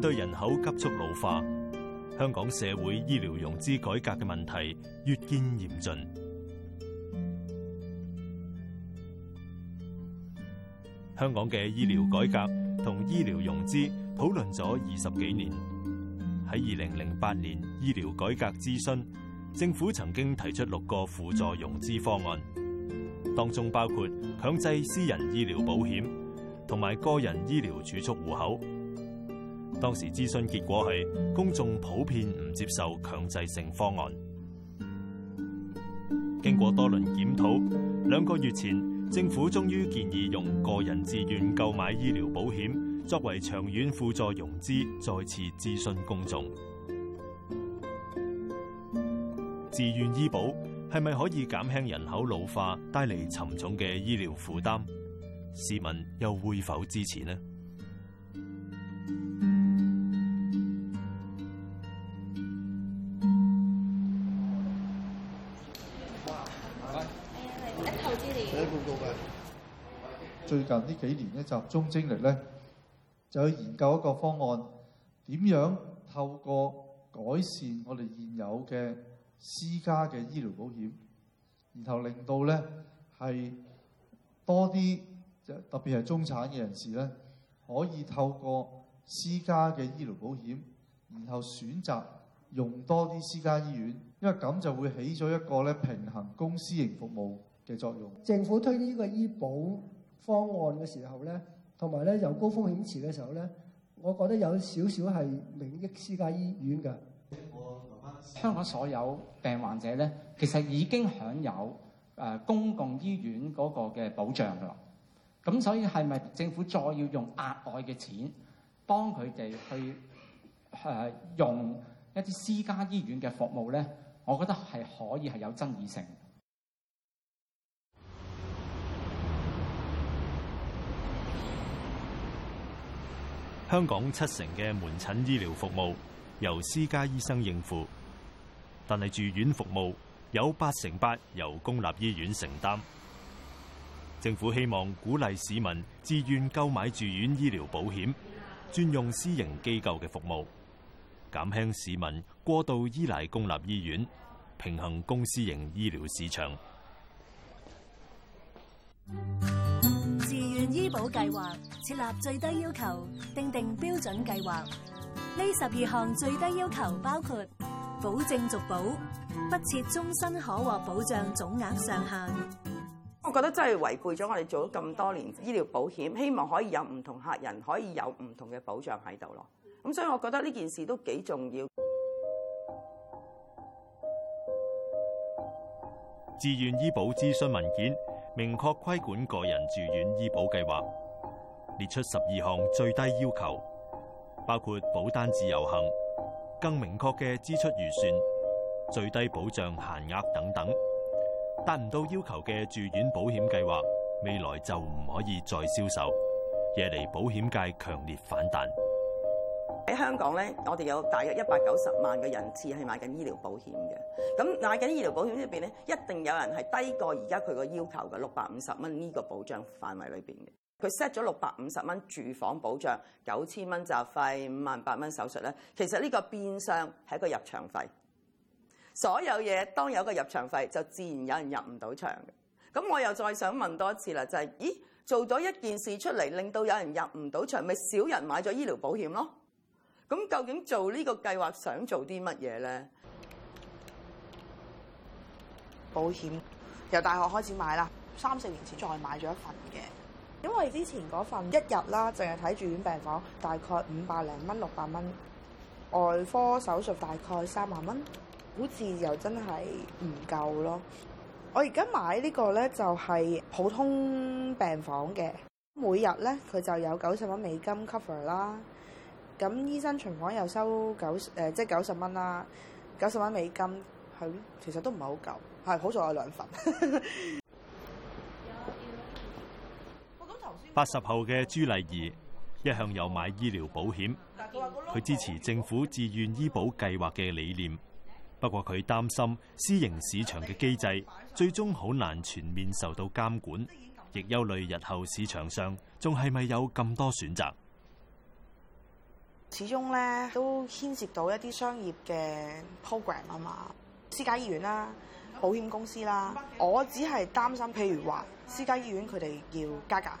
面對人口急速老化，香港社會醫療融資改革嘅問題越見嚴峻。香港嘅醫療改革同醫療融資討論咗二十幾年。喺二零零八年醫療改革諮詢，政府曾經提出六個輔助融資方案，當中包括強制私人醫療保險同埋個人醫療儲蓄戶口。當時諮詢結果係公眾普遍唔接受強制性方案。經過多輪檢討，兩個月前政府終於建議用個人自願購買醫療保險作為長遠輔助融資，再次諮詢公眾。自願醫保係咪可以減輕人口老化帶嚟沉重嘅醫療負擔？市民又會否支持呢？最近呢幾年咧，集中精力咧，就去研究一個方案，點樣透過改善我哋現有嘅私家嘅醫療保險，然後令到咧係多啲，特別係中產嘅人士咧，可以透過私家嘅醫療保險，然後選擇用多啲私家醫院，因為咁就會起咗一個咧平衡公私型服務嘅作用。政府推呢個醫保方案嘅時候咧，同埋咧有高風險池嘅時候咧，我覺得有少少係明益私家醫院嘅。香港所有病患者咧，其實已經享有，誒、呃、公共醫院個嘅保障㗎啦。咁所以係咪政府再要用額外嘅錢幫佢哋去誒、呃、用一啲私家醫院嘅服務咧？我覺得係可以係有爭議性。香港七成嘅門診醫療服務由私家醫生應付，但係住院服務有八成八由公立醫院承擔。政府希望鼓勵市民自願購買住院醫療保險，專用私營機構嘅服務，減輕市民過度依賴公立醫院，平衡公私營醫療市場。醫保計劃設立最低要求，訂定標準計劃。呢十二項最低要求包括保證續保，不設終身可獲保障總額上限。我覺得真係違背咗我哋做咗咁多年醫療保險，希望可以有唔同客人可以有唔同嘅保障喺度咯。咁所以我覺得呢件事都幾重要。自願醫保諮詢文件。明確規管個人住院醫保計劃，列出十二項最低要求，包括保單自由行、更明確嘅支出預算、最低保障限額等等。達唔到要求嘅住院保險計劃，未來就唔可以再銷售，惹嚟保險界強烈反彈。喺香港咧，我哋有大約一百九十萬嘅人次係買緊醫療保險嘅。咁買緊醫療保險入邊咧，一定有人係低過而家佢個要求嘅六百五十蚊呢個保障範圍裏邊嘅。佢 set 咗六百五十蚊住房保障，九千蚊雜費，五萬八蚊手術咧，其實呢個變相係一個入場費。所有嘢當有個入場費，就自然有人入唔到場嘅。咁我又再想問多一次啦，就係、是、咦做咗一件事出嚟，令到有人入唔到場，咪少人買咗醫療保險咯？咁究竟做呢個計劃想做啲乜嘢呢？保險由大學開始買啦，三四年前再買咗一份嘅，因為之前嗰份一日啦，淨係睇住院病房大概五百零蚊、六百蚊，外科手術大概三萬蚊，好似又真係唔夠咯。我而家買呢個呢，就係普通病房嘅，每日呢，佢就有九十蚊美金 cover 啦。咁醫生巡房又收九誒、呃，即係九十蚊啦，九十蚊美金，係其實都唔係好夠，係好在有兩份。八 十後嘅朱麗儀一向有買醫療保險，佢支持政府自願醫保計劃嘅理念，不過佢擔心私營市場嘅機制最終好難全面受到監管，亦憂慮日後市場上仲係咪有咁多選擇。始終咧都牽涉到一啲商業嘅 program 啊嘛，私家醫院啦，保險公司啦，我只係擔心，譬如話私家醫院佢哋要加價，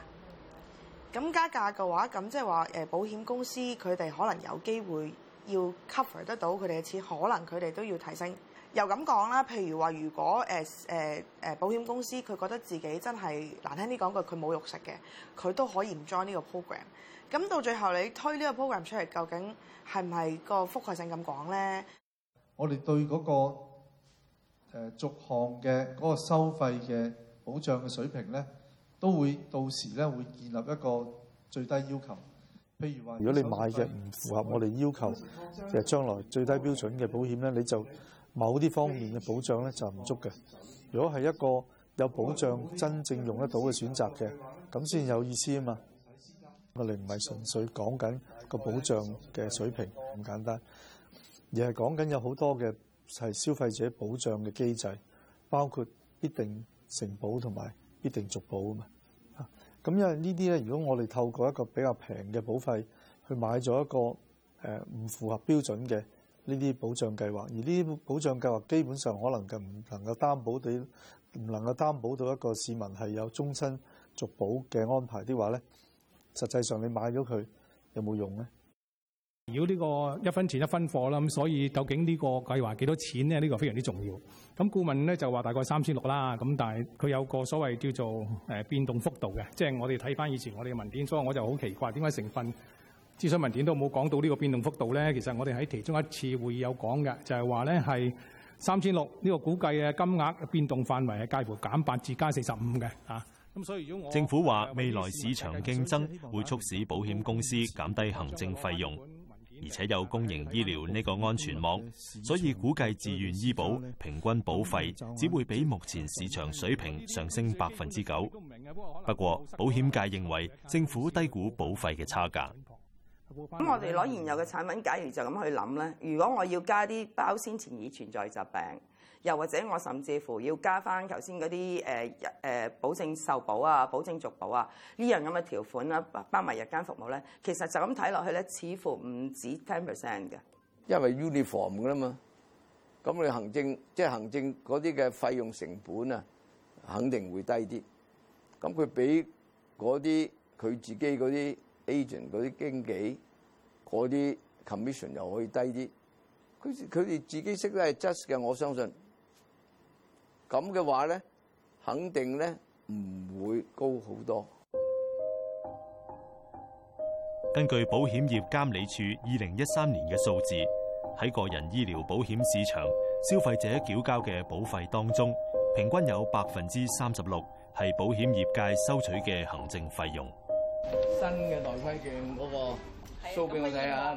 咁加價嘅話，咁即係話誒保險公司佢哋可能有機會要 cover 得到佢哋嘅錢，可能佢哋都要提升。又咁講啦，譬如話，如果誒誒誒保險公司佢覺得自己真係難聽啲講句，佢冇肉食嘅，佢都可以唔 join 呢個 program。咁到最後你推呢個 program 出嚟，究竟係唔係個覆蓋性咁廣咧？我哋對嗰個誒逐項嘅嗰個收費嘅保障嘅水平咧，都會到時咧會建立一個最低要求。譬如話，如果你買嘅唔符合我哋要求嘅將來最低標準嘅保險咧，你就某啲方面嘅保障咧就唔足嘅。如果係一個有保障、真正用得到嘅選擇嘅，咁先有意思啊嘛。我哋唔係純粹講緊個保障嘅水平咁簡單，而係講緊有好多嘅係消費者保障嘅機制，包括必定承保同埋必定續保啊嘛。吓，咁因為呢啲咧，如果我哋透過一個比較平嘅保費去買咗一個誒唔符合標準嘅。呢啲保障計劃，而呢啲保障計劃基本上可能就唔能夠擔保到，唔能夠擔保到一個市民係有終身續保嘅安排的話咧，實際上你買咗佢有冇用咧？如果呢個一分錢一分貨啦，咁所以究竟呢個計劃幾多錢咧？呢個非常之重要。咁顧問咧就話大概三千六啦，咁但係佢有個所謂叫做誒變動幅度嘅，即係我哋睇返以前我哋嘅文件，所以我就好奇怪點解成分？諮詢文件都冇講到呢個變動幅度呢。其實我哋喺其中一次會議有講嘅，就係話呢係三千六。呢個估計嘅金額變動範圍係介乎減八至加四十五嘅。咁所以政府話未來市場競爭會促使保險公司減低行政費用，而且有公營醫療呢個安全網，所以估計自願醫保平均保費只會比目前市場水平上升百分之九。不過保險界認為政府低估保費嘅差價。咁我哋攞現有嘅產品，假如就咁去諗咧，如果我要加啲包先前已存在疾病，又或者我甚至乎要加翻頭先嗰啲誒誒保證受保啊、保證續保啊呢樣咁嘅條款啊，包埋日間服務咧，其實就咁睇落去咧，似乎唔止 ten percent 嘅。因為 uniform 噶啦嘛，咁你行政即係、就是、行政嗰啲嘅費用成本啊，肯定會低啲。咁佢畀嗰啲佢自己嗰啲。agent 嗰啲經紀嗰啲 commission 又可以低啲，佢佢哋自己識得係 just 嘅，我相信。咁嘅話咧，肯定咧唔會高好多。根據保險業監理處二零一三年嘅數字，喺個人醫療保險市場，消費者繳交嘅保費當中，平均有百分之三十六係保險業界收取嘅行政費用。新嘅內規嘅嗰個 show 俾我睇下。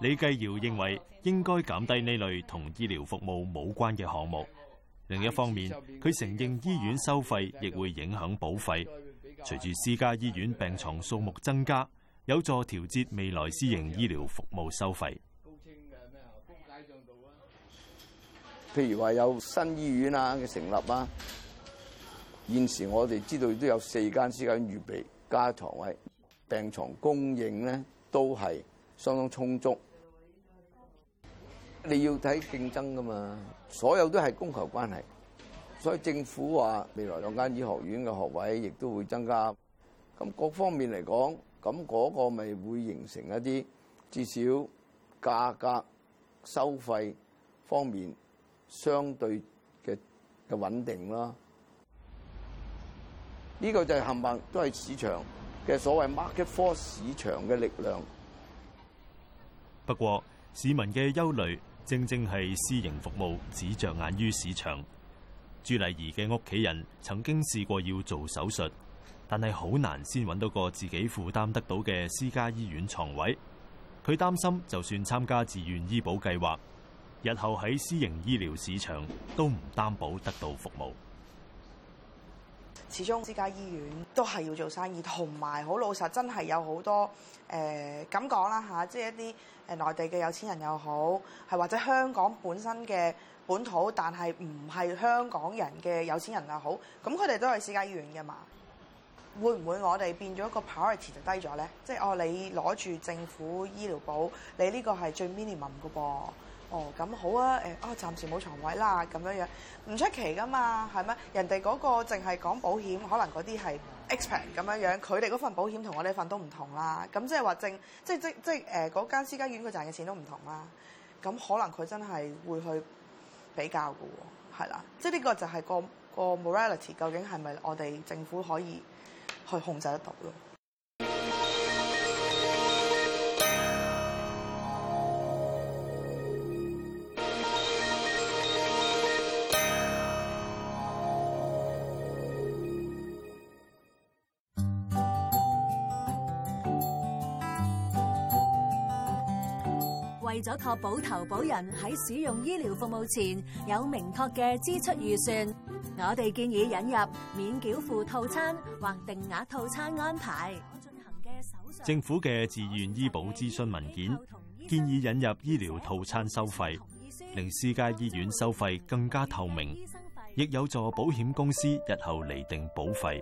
李繼堯認為應該減低呢類同醫療服務冇關嘅項目。另一方面，佢承認醫院收費亦會影響保費。隨住私家醫院病床數目增加，有助調節未來私營醫療服務收費。譬如話有新醫院啊嘅成立啊。現時我哋知道都有四間私家醫院預備加床位。病床供應咧都係相當充足，你要睇競爭㗎嘛，所有都係供求關係。所以政府話未來兩間醫學院嘅學位亦都會增加，咁各方面嚟講，咁嗰個咪會形成一啲至少價格收費方面相對嘅嘅穩定咯。呢個就係冚唪唥，都係市場嘅所謂 market force 市場嘅力量。不過，市民嘅憂慮正正係私營服務只着眼於市場。朱麗儀嘅屋企人曾經試過要做手術，但係好難先揾到個自己負擔得到嘅私家醫院床位。佢擔心，就算參加自願醫保計劃，日後喺私營醫療市場都唔擔保得到服務。始終私家醫院都係要做生意，同埋好老實，真係有好多誒咁講啦吓，即係一啲誒內地嘅有錢人又好，係或者香港本身嘅本土，但係唔係香港人嘅有錢人又好，咁佢哋都係私家醫院嘅嘛，會唔會我哋變咗個 priority 就低咗呢？即係哦，你攞住政府醫療保，你呢個係最 minimum 噶噃。哦，咁好啊！誒、哎、啊、哦，暫時冇床位啦，咁樣樣唔出奇噶嘛，係咩？人哋嗰個淨係講保險，可能嗰啲係 expand 咁樣樣，佢哋嗰份保險同我呢份都唔同啦。咁即係話正，即係即即誒嗰間私家醫院佢賺嘅錢都唔同啦。咁可能佢真係會去比較㗎喎，係啦，即係呢個就係個個 morality 究竟係咪我哋政府可以去控制得到咯？為咗確保投保人喺使用醫療服務前有明確嘅支出預算，我哋建議引入免繳付套餐或定額套餐安排。政府嘅自願醫保諮詢文件建議引入醫療套餐收費，令私家醫院收費更加透明，亦有助保險公司日後釐定保費。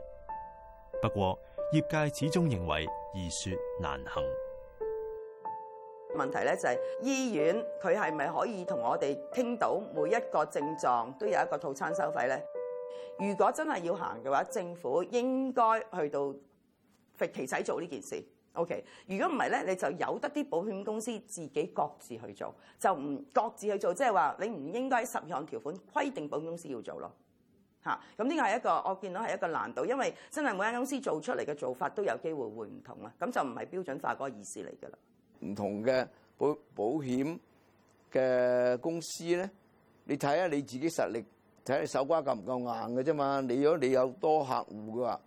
不過，業界始終認為易說難行。問題咧就係，是、醫院佢係咪可以同我哋傾到每一個症狀都有一個套餐收費咧？如果真係要行嘅話，政府應該去到肥旗仔做呢件事。O K. 如果唔係咧，你就由得啲保險公司自己各自去做，就唔各自去做，即係話你唔應該十項條款規定保險公司要做咯嚇。咁呢個係一個我見到係一個難度，因為真係每間公司做出嚟嘅做法都有機會會唔同啊，咁就唔係標準化嗰個意思嚟㗎啦。唔同嘅保保險嘅公司咧，你睇下你自己實力，睇下你手瓜夠唔夠硬嘅啫嘛。你如果你有多客戶嘅話，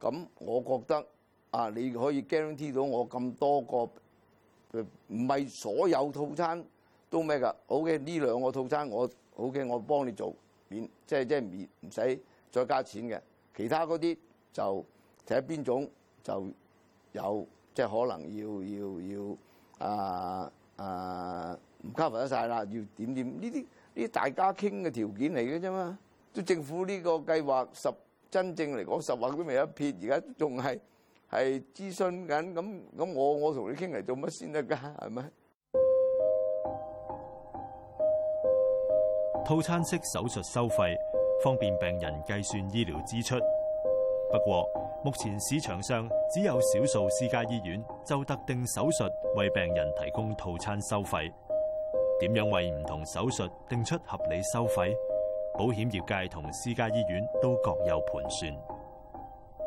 咁我覺得啊，你可以 guarantee 到我咁多個唔係所有套餐都咩㗎？OK 呢兩個套餐我 OK 我幫你做免，即係即係免唔使再加錢嘅。其他嗰啲就睇下邊種就有。即係可能要要要啊啊唔 cover 得晒啦，要點點呢啲呢啲大家傾嘅條件嚟嘅啫嘛，都政府呢個計劃十真正嚟講十萬都未一撇，而家仲係係諮詢緊，咁咁我我同你傾嚟，做乜先得㗎係咪？套餐式手術收費方便病人計算醫療支出，不過。目前市場上只有少數私家醫院就特定手術為病人提供套餐收費，點樣為唔同手術定出合理收費？保險業界同私家醫院都各有盤算。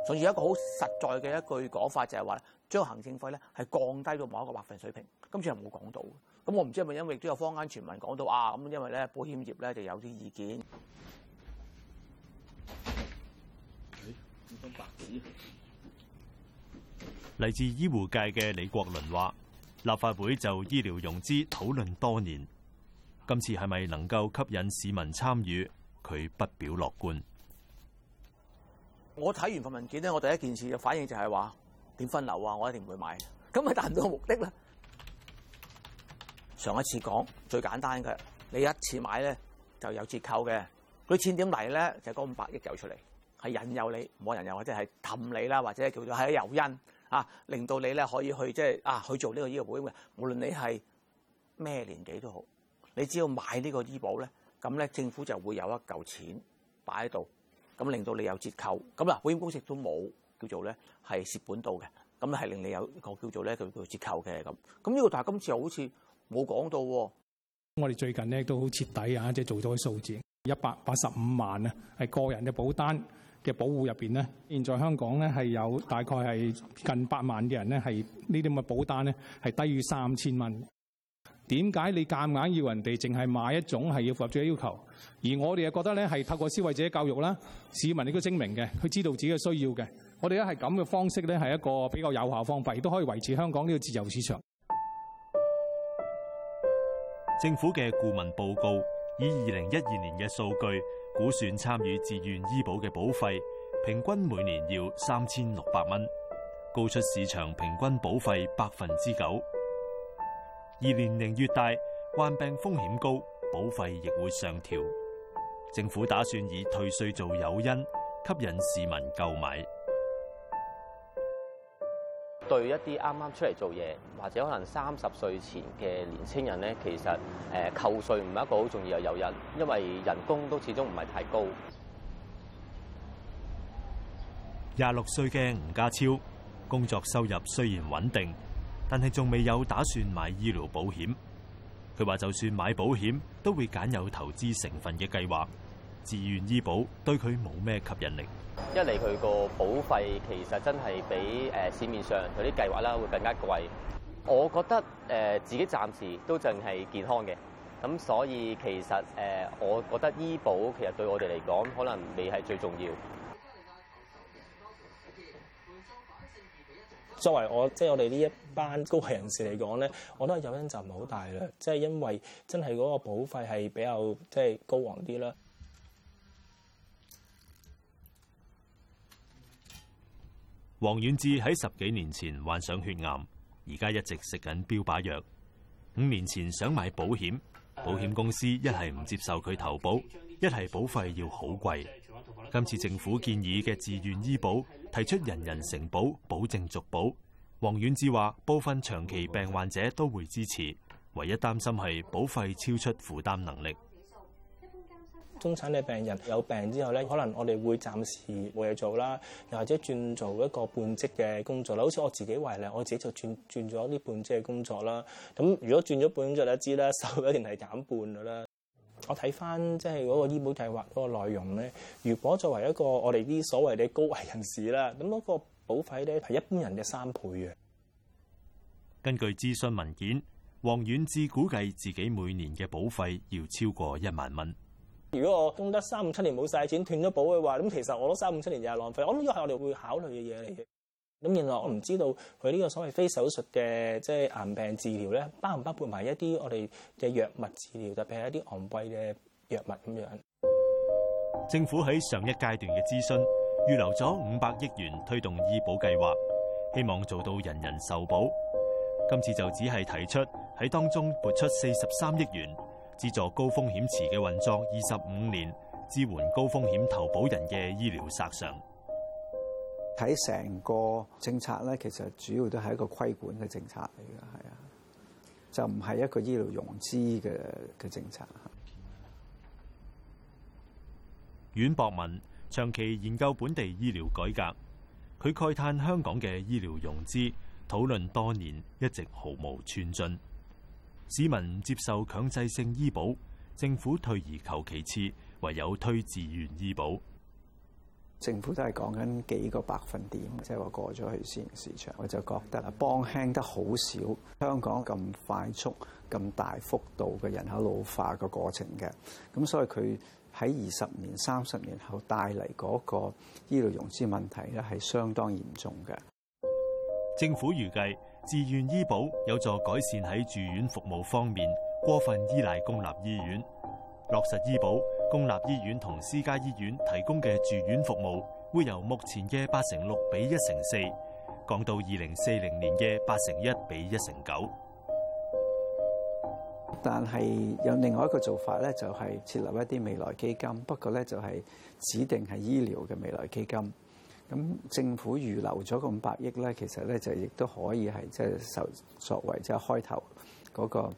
所以一個好實在嘅一句講法就係話，將行政費咧係降低到某一個百分水平，今次係冇講到。咁我唔知係咪因為亦都有坊間傳聞講到啊，咁因為咧保險業咧就有啲意見。嚟自醫護界嘅李國麟話：立法會就醫療融資討論多年，今次係咪能夠吸引市民參與？佢不表樂觀。我睇完份文件咧，我第一件事就反應就係、是、話：點分流啊？我一定唔會買，咁咪達唔到目的啦。上一次講最簡單嘅，你一次買呢就有折扣嘅，佢錢點嚟呢？就嗰五百億有出嚟。係引誘你，冇人又，或者係氹你啦，或者叫做係誘因啊，令到你咧可以去即係啊去做呢個醫保嘅。無論你係咩年紀都好，你只要買呢個醫保咧，咁咧政府就會有一嚿錢擺喺度，咁令到你有折扣。咁嗱，保險公司都冇叫做咧係蝕本度嘅，咁咧係令你有個叫做咧叫做折扣嘅咁。咁呢、呢個但係今次又好似冇講到喎、啊。我哋最近咧都好徹底啊，即係做咗個數字一百八十五萬啊，係個人嘅保單。嘅保護入邊呢，現在香港呢係有大概係近八萬嘅人呢，係呢啲咁嘅保單呢係低於三千蚊。點解你夾硬要人哋淨係買一種係要符合自己要求？而我哋又覺得呢係透過消費者教育啦，市民亦都精明嘅，佢知道自己嘅需要嘅。我哋呢係咁嘅方式呢，係一個比較有效方法，亦都可以維持香港呢個自由市場。政府嘅顧問報告以二零一二年嘅數據。估算參與自願醫保嘅保費平均每年要三千六百蚊，高出市場平均保費百分之九。而年齡越大，患病風險高，保費亦會上調。政府打算以退稅做誘因，吸引市民購買。對一啲啱啱出嚟做嘢或者可能三十歲前嘅年青人呢，其實誒扣稅唔係一個好重要嘅誘因，因為人工都始終唔係太高。廿六歲嘅吳家超工作收入雖然穩定，但係仲未有打算買醫療保險，佢話就算買保險都會揀有投資成分嘅計劃。自願醫保對佢冇咩吸引力，一嚟佢個保費其實真係比誒市面上嗰啲計劃啦會更加貴。我覺得誒自己暫時都淨係健康嘅，咁所以其實誒我覺得醫保其實對我哋嚟講可能未係最重要。作為我即係、就是、我哋呢一班高企人士嚟講咧，我都係誘因就唔好大啦，即係因為真係嗰個保費係比較即係、就是、高昂啲啦。王遠志喺十幾年前患上血癌，而家一直食緊標靶藥。五年前想買保險，保險公司一係唔接受佢投保，一係保費要好貴。今次政府建議嘅自願醫保提出人人承保，保證續保。王遠志話：部分長期病患者都會支持，唯一擔心係保費超出負擔能力。中產嘅病人有病之後咧，可能我哋會暫時冇嘢做啦，又或者轉做一個半職嘅工作啦。好似我自己為例，我自己就轉轉咗啲半職嘅工作啦。咁如果轉咗半工作，你知啦，收入一定係減半噶啦。我睇翻即係嗰個醫保計劃嗰個內容咧，如果作為一個我哋啲所謂嘅高危人士啦，咁、那、嗰個保費咧係一般人嘅三倍嘅。根據諮詢文件，黃遠志估計自己每年嘅保費要超過一萬蚊。如果我供得三五七年冇晒錢斷咗保嘅話，咁其實我攞三五七年又係浪費。我諗呢個係我哋會考慮嘅嘢嚟嘅。咁原來我唔知道佢呢個所謂非手術嘅即係癌病治療咧，包唔包括埋一啲我哋嘅藥物治療，特別係一啲昂貴嘅藥物咁樣。政府喺上一階段嘅諮詢預留咗五百億元推動醫保計劃，希望做到人人受保。今次就只係提出喺當中撥出四十三億元。資助高風險池嘅運作二十五年，支援高風險投保人嘅醫療索償。睇成個政策咧，其實主要都係一個規管嘅政策嚟嘅，係啊，就唔係一個醫療融資嘅嘅政策。阮博文長期研究本地醫療改革，佢慨嘆香港嘅醫療融資討論多年，一直毫無寸進。市民唔接受強制性醫保，政府退而求其次，唯有推自願醫保。政府都係講緊幾個百分點，即係話過咗去私人市場，我就覺得啊，幫輕得好少。香港咁快速、咁大幅度嘅人口老化嘅過程嘅，咁所以佢喺二十年、三十年後帶嚟，嗰個醫療融資問題咧，係相當嚴重嘅。政府預計。自願醫保有助改善喺住院服務方面過分依賴公立醫院。落實醫保，公立醫院同私家醫院提供嘅住院服務，會由目前嘅八成六比一成四，降到二零四零年嘅八成一比一成九。但係有另外一個做法咧，就係設立一啲未來基金，不過咧就係指定係醫療嘅未來基金。咁政府預留咗個五百億咧，其實咧就亦都可以係即係作作為即係開頭嗰、嗰個、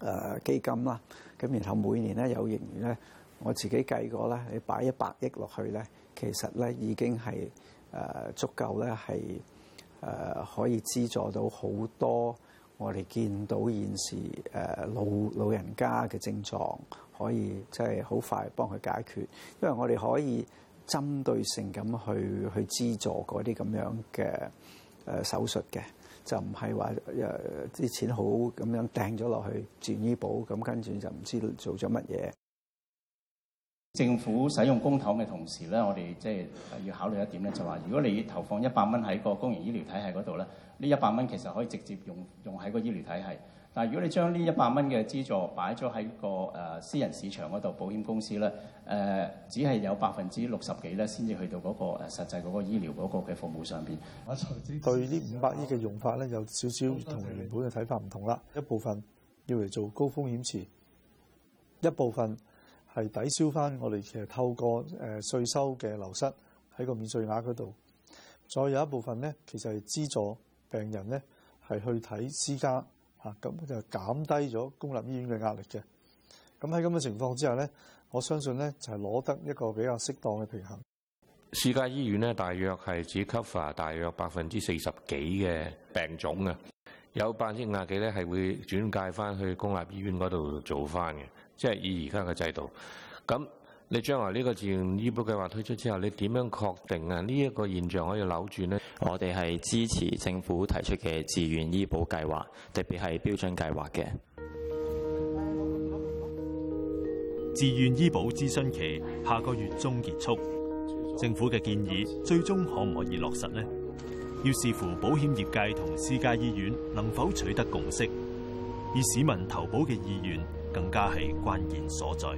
呃、基金啦。咁然後每年咧有盈餘咧，我自己計過咧，你擺一百億落去咧，其實咧已經係誒、呃、足夠咧，係誒、呃、可以資助到好多我哋見到現時誒、呃、老老人家嘅症狀，可以即係好快幫佢解決，因為我哋可以。針對性咁去去資助嗰啲咁樣嘅誒手術嘅，就唔係話誒啲錢好咁樣掟咗落去健醫保，咁跟住就唔知做咗乜嘢。政府使用公帑嘅同時咧，我哋即係要考慮一點咧，就話如果你投放一百蚊喺個公營醫療體係嗰度咧，呢一百蚊其實可以直接用用喺個醫療體系。但係，如果你將呢一百蚊嘅資助擺咗喺個誒私人市場嗰度，保險公司咧誒、呃，只係有百分之六十幾咧，先至去到嗰個誒實際嗰個醫療嗰個嘅服務上邊。對呢五百億嘅用法咧，有少少同原本嘅睇法唔同啦。一部分要嚟做高風險池，一部分係抵消翻我哋其實透過誒稅收嘅流失喺個免稅額嗰度，再有一部分咧，其實係資助病人咧係去睇私家。啊，咁就減低咗公立醫院嘅壓力嘅。咁喺咁嘅情況之下咧，我相信咧就係攞得一個比較適當嘅平衡。私家醫院咧，大約係只 cover 大約百分之四十幾嘅病種啊。有百分之廿幾咧係會轉介翻去公立醫院嗰度做翻嘅，即係以而家嘅制度。咁你將來呢個自願醫保計劃推出之後，你點樣確定啊？呢一個現象可以扭轉呢？我哋係支持政府提出嘅自願醫保計劃，特別係標準計劃嘅。自願醫保諮詢期下個月中結束，政府嘅建議最終可唔可以落實呢？要視乎保險業界同私家醫院能否取得共識，而市民投保嘅意願更加係關鍵所在。